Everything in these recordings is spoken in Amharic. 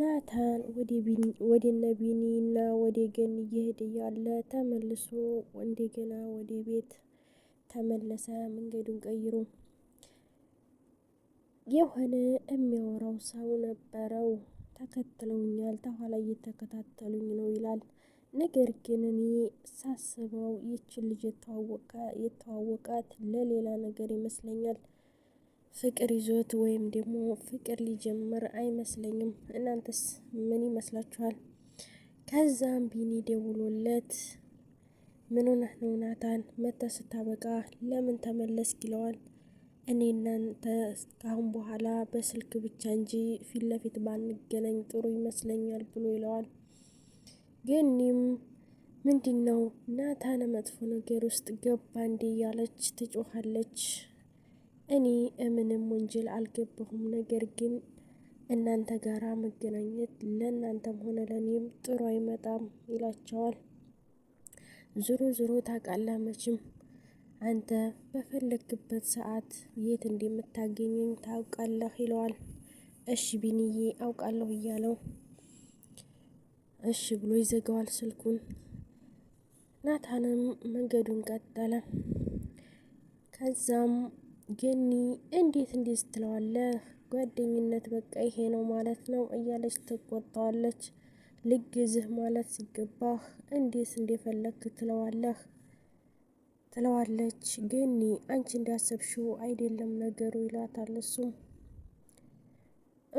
ናታን ወደነ እና ወደ ገን እየሄደ ያለ ተመልሶ እንደገና ወደ ቤት ተመለሰ። መንገዱን ቀይሮ የሆነ የሚያወራው ሰው ነበረው። ተከትለውኛል፣ ተኋላ እየተከታተሉኝ ነው ይላል። ነገር ግን እኔ ሳስበው ይችን ልጅ የተዋወቃት ለሌላ ነገር ይመስለኛል። ፍቅር ይዞት ወይም ደግሞ ፍቅር ሊጀምር አይመስለኝም። እናንተስ ምን ይመስላችኋል? ከዛም ቢኒ ደውሎለት ምን ሆነህ ነው ናታን? መታ ስታበቃ ለምን ተመለስ ይለዋል። እኔ እናንተ ካሁን በኋላ በስልክ ብቻ እንጂ ፊት ለፊት ባንገናኝ ጥሩ ይመስለኛል ብሎ ይለዋል። ግንም ምንድን ነው ናታን መጥፎ ነገር ውስጥ ገባ እንዴ እያለች ትጮኻለች። እኔ ምንም ወንጀል አልገባሁም። ነገር ግን እናንተ ጋራ መገናኘት ለእናንተም ሆነ ለእኔም ጥሩ አይመጣም ይላቸዋል። ዞሮ ዞሮ ታውቃለህ መቼም አንተ በፈለግበት ሰዓት የት እንደምታገኘኝ ታውቃለህ ይለዋል። እሺ ቢንዬ አውቃለሁ እያለው እሺ ብሎ ይዘጋዋል ስልኩን። ናታንም መንገዱን ቀጠለ። ከዛም ገኒ እንዴት እንዴት ስትለዋለህ? ጓደኝነት በቃ ይሄ ነው ማለት ነው እያለች ትቆጣዋለች። ልግዝህ ማለት ሲገባህ እንዴት እንደፈለግ ትለዋለህ ትለዋለች። ገኒ አንቺ እንዳሰብሽው አይደለም ነገሩ ይላታል። እሱም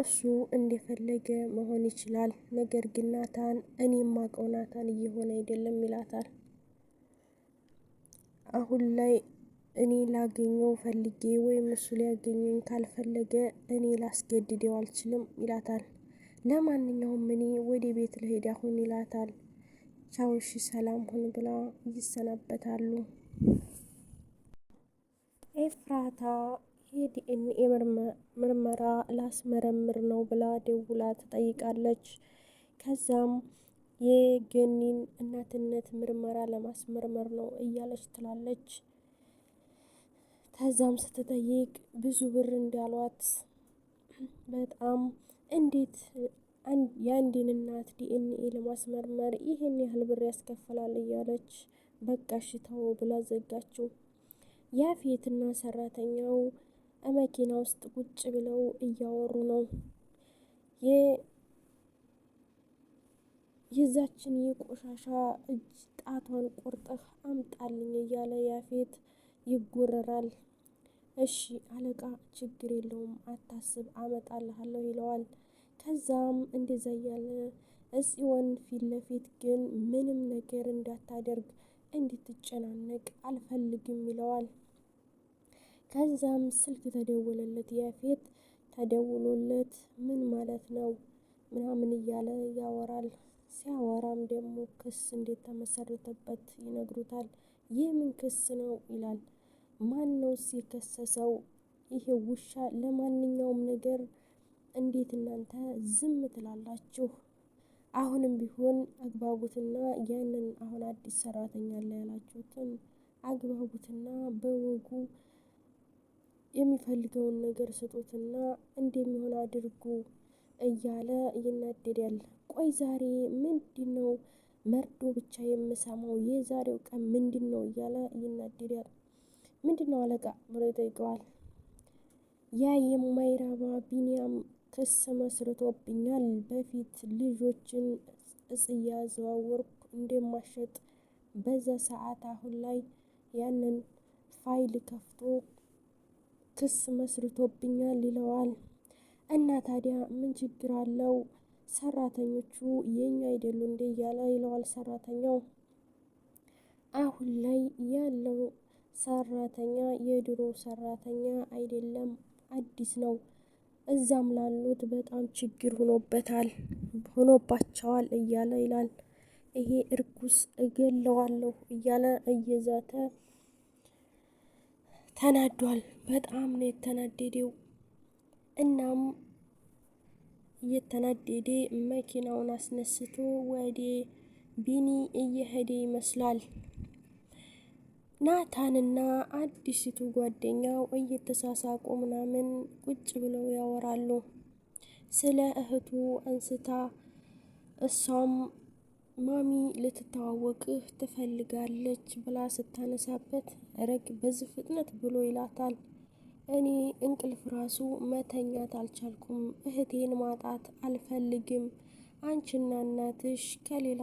እሱ እንደፈለገ መሆን ይችላል፣ ነገር ግን ናታን እኔ ማቀው ናታን እየሆነ አይደለም ይላታል። አሁን ላይ እኔ ላገኘው ፈልጌ ወይም እሱ ሊያገኘኝ ካልፈለገ እኔ ላስገድደው አልችልም ይላታል። ለማንኛውም እኔ ወደ ቤት ልሄድ አሁን ይላታል። ቻው እሺ ሰላም ሁን ብላ ይሰናበታሉ። ኤፍራታ የዲኤንኤ ምርመራ ላስመረምር ነው ብላ ደውላ ትጠይቃለች። ከዛም የገኒን እናትነት ምርመራ ለማስመርመር ነው እያለች ትላለች። ከዛም ስትጠይቅ ብዙ ብር እንዳሏት በጣም እንዴት የአንድን እናት ዲኤንኤ ለማስመርመር ይህን ያህል ብር ያስከፍላል እያለች በቃ ሽታው ብላ ዘጋችው። ያፌትና ሰራተኛው መኪና ውስጥ ቁጭ ብለው እያወሩ ነው። የዛችን የቆሻሻ እጅ ጣቷን ቆርጠህ አምጣልኝ እያለ ያፌት ይጉረራል። እሺ አለቃ፣ ችግር የለውም አታስብ፣ አመጣልሃለሁ ይለዋል። ከዛም እንደዛ እያለ እጽዮን ፊት ለፊት ግን ምንም ነገር እንዳታደርግ እንድትጨናነቅ አልፈልግም ይለዋል። ከዛም ስልክ ተደወለለት። ያፌት ተደውሎለት ምን ማለት ነው ምናምን እያለ ያወራል። ሲያወራም ደግሞ ክስ ተመሰረተበት ይነግሩታል። ይህ ምን ክስ ነው ይላል። ማን ነውስ የከሰሰው? ይሄ ውሻ ለማንኛውም ነገር እንዴት እናንተ ዝም ትላላችሁ? አሁንም ቢሆን አግባቡትና ያንን አሁን አዲስ ሰራተኛ አለ ያላችሁትን አግባቡትና በወጉ የሚፈልገውን ነገር ስጡትና እንደሚሆን አድርጉ እያለ ይናደዳል። ቆይ ዛሬ ምንድን ነው መርዶ ብቻ የምሰማው? የዛሬው ቀን ምንድን ነው እያለ ይናደዳል። ምንድን ነው አለቃ ብሎ ይጠይቀዋል። ያ የማይረባ ቢኒያም ክስ መስርቶብኛል። በፊት ልጆችን እጽያ ዘዋወርኩ እንደማሸጥ በዛ ሰዓት፣ አሁን ላይ ያንን ፋይል ከፍቶ ክስ መስርቶብኛል ይለዋል። እና ታዲያ ምን ችግር አለው? ሰራተኞቹ የኛ አይደሉ እንዴ እያለ ይለዋል ሰራተኛው አሁን ላይ ያለው ሰራተኛ የድሮ ሰራተኛ አይደለም፣ አዲስ ነው። እዛም ላሉት በጣም ችግር ሆኖበታል ሆኖባቸዋል እያለ ይላል። ይሄ እርኩስ እገለዋለሁ እያለ እየዛተ ተናዷል። በጣም ነው የተናደደው። እናም እየተናደደ መኪናውን አስነስቶ ወደ ቢኒ እየሄደ ይመስላል። ናታንና አዲሲቱ ጓደኛው እየተሳሳቁ ምናምን ቁጭ ብለው ያወራሉ። ስለ እህቱ አንስታ እሷም ማሚ ልትተዋወቅህ ትፈልጋለች ብላ ስታነሳበት ረግ በዚህ ፍጥነት ብሎ ይላታል። እኔ እንቅልፍ ራሱ መተኛት አልቻልኩም። እህቴን ማጣት አልፈልግም። አንቺና እናትሽ ከሌላ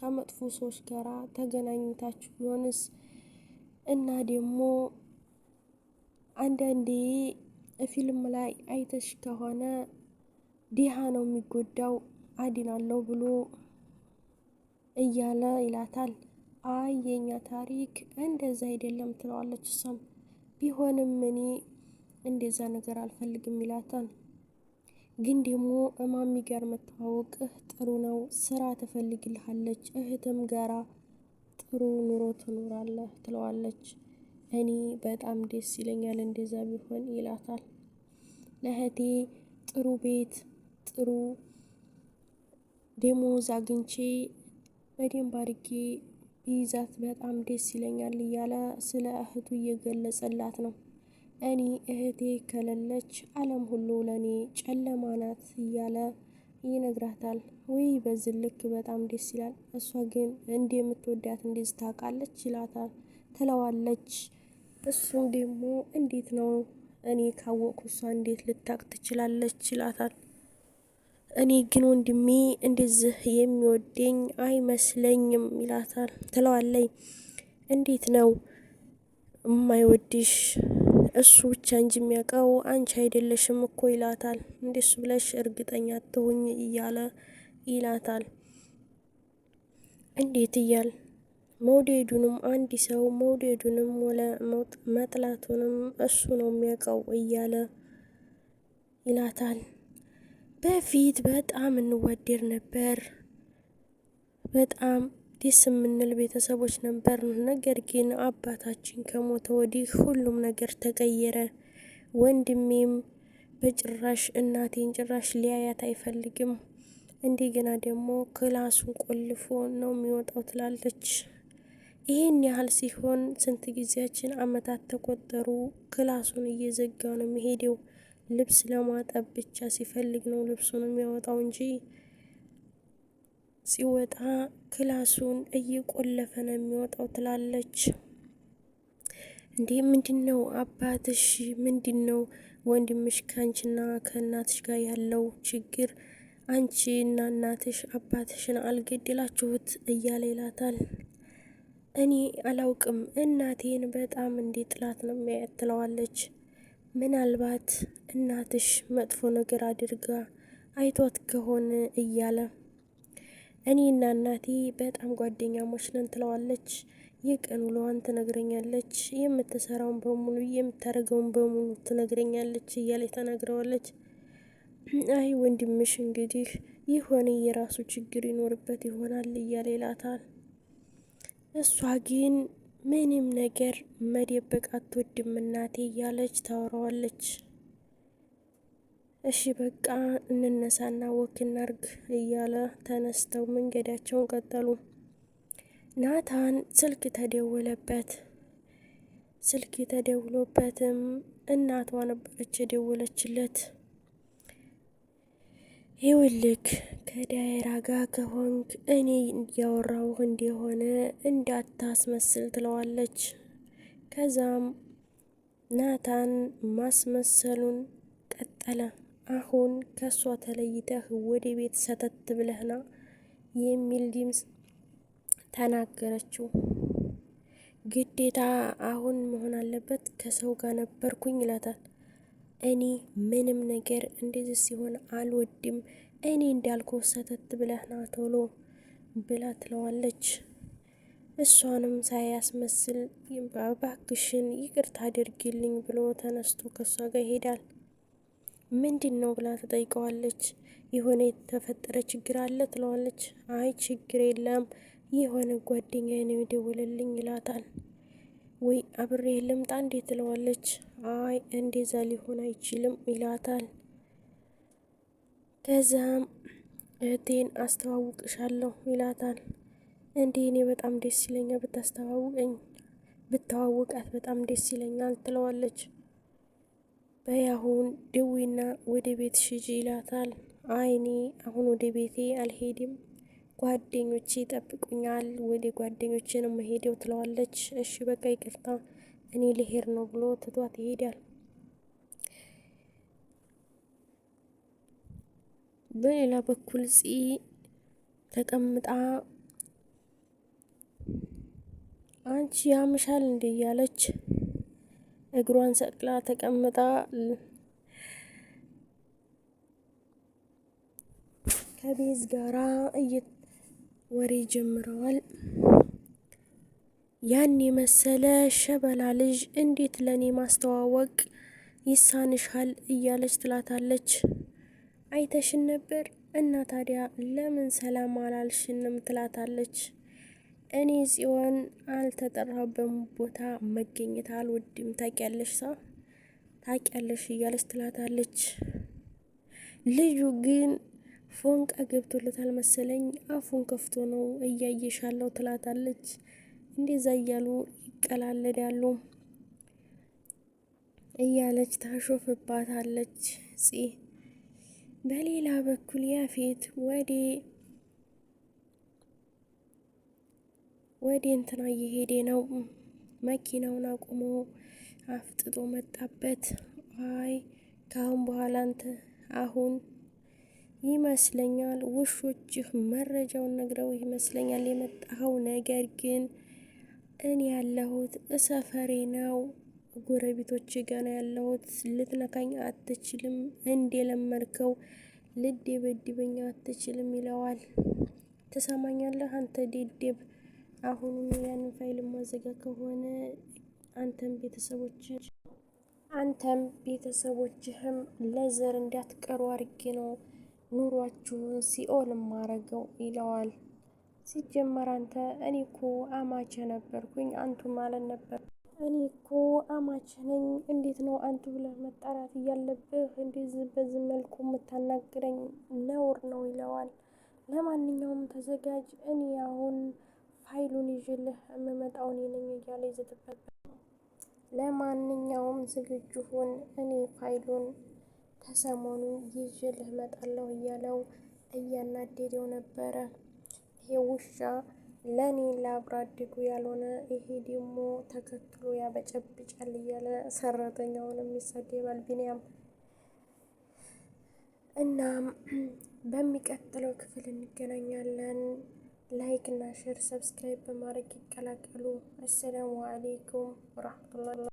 ከመጥፎ ሰዎች ጋር ተገናኝታችሁ ቢሆንስ እና ደግሞ አንዳንዴ ፊልም ላይ አይተሽ ከሆነ ዲሃ ነው የሚጎዳው አድናለሁ ብሎ እያለ ይላታል። አይ የኛ ታሪክ እንደዛ አይደለም ትለዋለች። እሷም ቢሆንም እኔ እንደዛ ነገር አልፈልግም ይላታል። ግን ደግሞ እማሚ ጋር መተዋወቅህ ጥሩ ነው፣ ስራ ትፈልግልሃለች እህትም ጋራ ጥሩ ኑሮ ትኖራለህ ትለዋለች። እኔ በጣም ደስ ይለኛል እንደዛ ቢሆን ይላታል። ለእህቴ ጥሩ ቤት ጥሩ ደሞዝ አግኝቼ በደንብ አድርጌ ይዛት በጣም ደስ ይለኛል እያለ ስለ እህቱ እየገለጸላት ነው። እኔ እህቴ ከሌለች አለም ሁሉ ለኔ ጨለማ ናት እያለ ይነግራታል። ውይ በዚህ ልክ በጣም ደስ ይላል። እሷ ግን እንዲህ የምትወዳት እንዴት ታውቃለች ይላታል ትለዋለች። እሱም ደግሞ እንዴት ነው እኔ ካወቅኩ እሷ እንዴት ልታቅ ትችላለች ይላታል። እኔ ግን ወንድሜ እንደዚህ የሚወደኝ አይመስለኝም ይላታል ትለዋለች። እንዴት ነው የማይወድሽ እሱ ብቻ እንጂ የሚያውቀው አንቺ አይደለሽም እኮ ይላታል። እንደሱ ብለሽ እርግጠኛ ትሆኝ እያለ ይላታል። እንዴት እያል መውደዱንም አንድ ሰው መውደዱንም ወለ መጥላቱንም እሱ ነው የሚያውቀው እያለ ይላታል። በፊት በጣም እንወደድ ነበር በጣም ደስ የምንል ቤተሰቦች ነበር። ነገር ግን አባታችን ከሞተ ወዲህ ሁሉም ነገር ተቀየረ። ወንድሜም በጭራሽ እናቴን ጭራሽ ሊያያት አይፈልግም። እንደገና ደግሞ ክላሱን ቆልፎ ነው የሚወጣው ትላለች። ይህን ያህል ሲሆን ስንት ጊዜያችን አመታት ተቆጠሩ። ክላሱን እየዘጋ ነው የሚሄደው። ልብስ ለማጠብ ብቻ ሲፈልግ ነው ልብሱን የሚያወጣው እንጂ ሲወጣ ክላሱን እየቆለፈ ነው የሚወጣው ትላለች። እንዴ ምንድን ነው አባትሽ? ምንድን ነው ወንድምሽ? ከአንቺና ከእናትሽ ጋር ያለው ችግር አንቺ እና እናትሽ አባትሽን አልገደላችሁት እያለ ይላታል። እኔ አላውቅም እናቴን በጣም እንዴ ጥላት ነው የሚያያት ትለዋለች። ምናልባት እናትሽ መጥፎ ነገር አድርጋ አይቷት ከሆነ እያለ እኔና እናቴ በጣም ጓደኛሞች ነን ትለዋለች። የቀን ውሎዋን ትነግረኛለች። የምትሰራውን በሙሉ የምታደርገውን በሙሉ ትነግረኛለች እያለች ተናግረዋለች። አይ ወንድምሽ እንግዲህ የሆነ የራሱ ችግር ይኖርበት ይሆናል እያለ ይላታል። እሷ ግን ምንም ነገር መደበቅ አትወድም እናቴ እያለች ታወራዋለች። እሺ በቃ እንነሳና ወክ እናርግ እያለ ተነስተው መንገዳቸውን ቀጠሉ። ናታን ስልክ ተደወለበት። ስልክ የተደውሎበትም እናቷ ነበረች የደወለችለት። ይውልክ ከዳይራ ጋር ከሆንክ እኔ እያወራው እንደሆነ እንዳታስመስል ትለዋለች። ከዛም ናታን ማስመሰሉን ቀጠለ። አሁን ከእሷ ተለይተህ ወደ ቤት ሰተት ብለህና የሚል ድምፅ ተናገረችው። ግዴታ አሁን መሆን አለበት ከሰው ጋር ነበርኩኝ ይላታል። እኔ ምንም ነገር እንደዚህ ሲሆን አልወድም። እኔ እንዳልኩ ሰተት ብለህና ቶሎ ብላ ትለዋለች። እሷንም ሳያስመስል እባክሽን ይቅርታ አድርጊልኝ ብሎ ተነስቶ ከሷ ጋር ይሄዳል። ምንድን ነው ብላ ተጠይቀዋለች። የሆነ የተፈጠረ ችግር አለ ትለዋለች። አይ ችግር የለም የሆነ ጓደኛ ነው የደወለልኝ ይላታል። ወይ አብሬ ልምጣ እንዴ ትለዋለች። አይ እንደዛ ሊሆን አይችልም ይላታል። ከዛም እህቴን አስተዋውቅሻለሁ ይላታል። እንዴ እኔ በጣም ደስ ይለኛል ብታስተዋውቀኝ ብታዋውቃት በጣም ደስ ይለኛል ትለዋለች። በይ አሁን ደዊና ወደ ቤት ሽጂ ይላታል። አይኔ አሁን ወደ ቤቴ አልሄድም፣ ጓደኞቼ ይጠብቁኛል፣ ወደ ጓደኞቼ ነው መሄደው ትለዋለች። እሺ በቃ ይቅርታ እኔ ልሄድ ነው ብሎ ትቷት ይሄዳል። በሌላ በኩል ጽ ተቀምጣ አንቺ ያምሻል እንዴ እያለች እግሯን ሰቅላ ተቀምጣ ከቤዝ ጋራ ወሬ ጀምረዋል። ያን የመሰለ ሸበላ ልጅ እንዴት ለእኔ ማስተዋወቅ ይሳንሻል? እያለች ትላታለች። አይተሽን ነበር እና ታዲያ ለምን ሰላም አላልሽንም? ትላታለች። እኔ ጽዮን አልተጠራበም ቦታ መገኘት አልወድም፣ ታውቂያለሽ ሰው ታውቂያለሽ እያለች ትላታለች። ልጁ ግን ፎንቃ ገብቶለታል መሰለኝ፣ አፉን ከፍቶ ነው እያየሻለው ትላታለች። እንደዛ እያሉ ይቀላለዳሉ እያለች ታሾፍባታለች። ጽ በሌላ በኩል ያፌት ወዴ ወደ እንትና እየሄደ ነው። መኪናውን አቁሞ አፍጥጦ መጣበት። አይ ካሁን በኋላ አንተ አሁን ይመስለኛል ውሾችህ መረጃውን ነግረው ይመስለኛል የመጣኸው። ነገር ግን እኔ ያለሁት እሰፈሬ ነው፣ ጎረቤቶች ገና ያለሁት። ልትነካኝ አትችልም፣ እንደለመድከው ልደበድበኝ አትችልም ይለዋል። ትሰማኛለህ አንተ ደደብ አሁኑኑ ያንን ፋይል ማዘጋ ከሆነ አንተም ቤተሰቦች አንተም ቤተሰቦችህም ለዘር እንዳትቀሩ አድርጌ ነው ኑሯችሁን ሲኦል ማረገው ይለዋል። ሲጀመር አንተ እኔ እኮ አማቼ ነበርኩኝ አንቱ ማለት ነበር። እኔ እኮ አማቼ ነኝ፣ እንዴት ነው አንቱ ብለህ መጣራት እያለብህ እንደዚህ በዚህ መልኩ የምታናግረኝ? ነውር ነው ይለዋል። ለማንኛውም ተዘጋጅ፣ እኔ አሁን ፋይሉን ይዤልህ የምመጣው እኔ ነኝ እያለ ይዘትበት። ለማንኛውም ዝግጁ ሁን፣ እኔ ፋይሉን ከሰሞኑ ይዤልህ እመጣለሁ እያለው እያናደደው ነበረ። ይሄ ውሻ ለእኔ ለአብሮ አደጉ ያልሆነ ይሄ ደግሞ ተከትሎ ያበጨብጫል እያለ ሰራተኛውንም ይሳደባል ቢንያም። እናም በሚቀጥለው ክፍል እንገናኛለን። ላይክ እና ሼር ሰብስክራይብ በማድረግ ይቀላቀሉ። አሰላሙ አሌይኩም ወረህመቱላሂ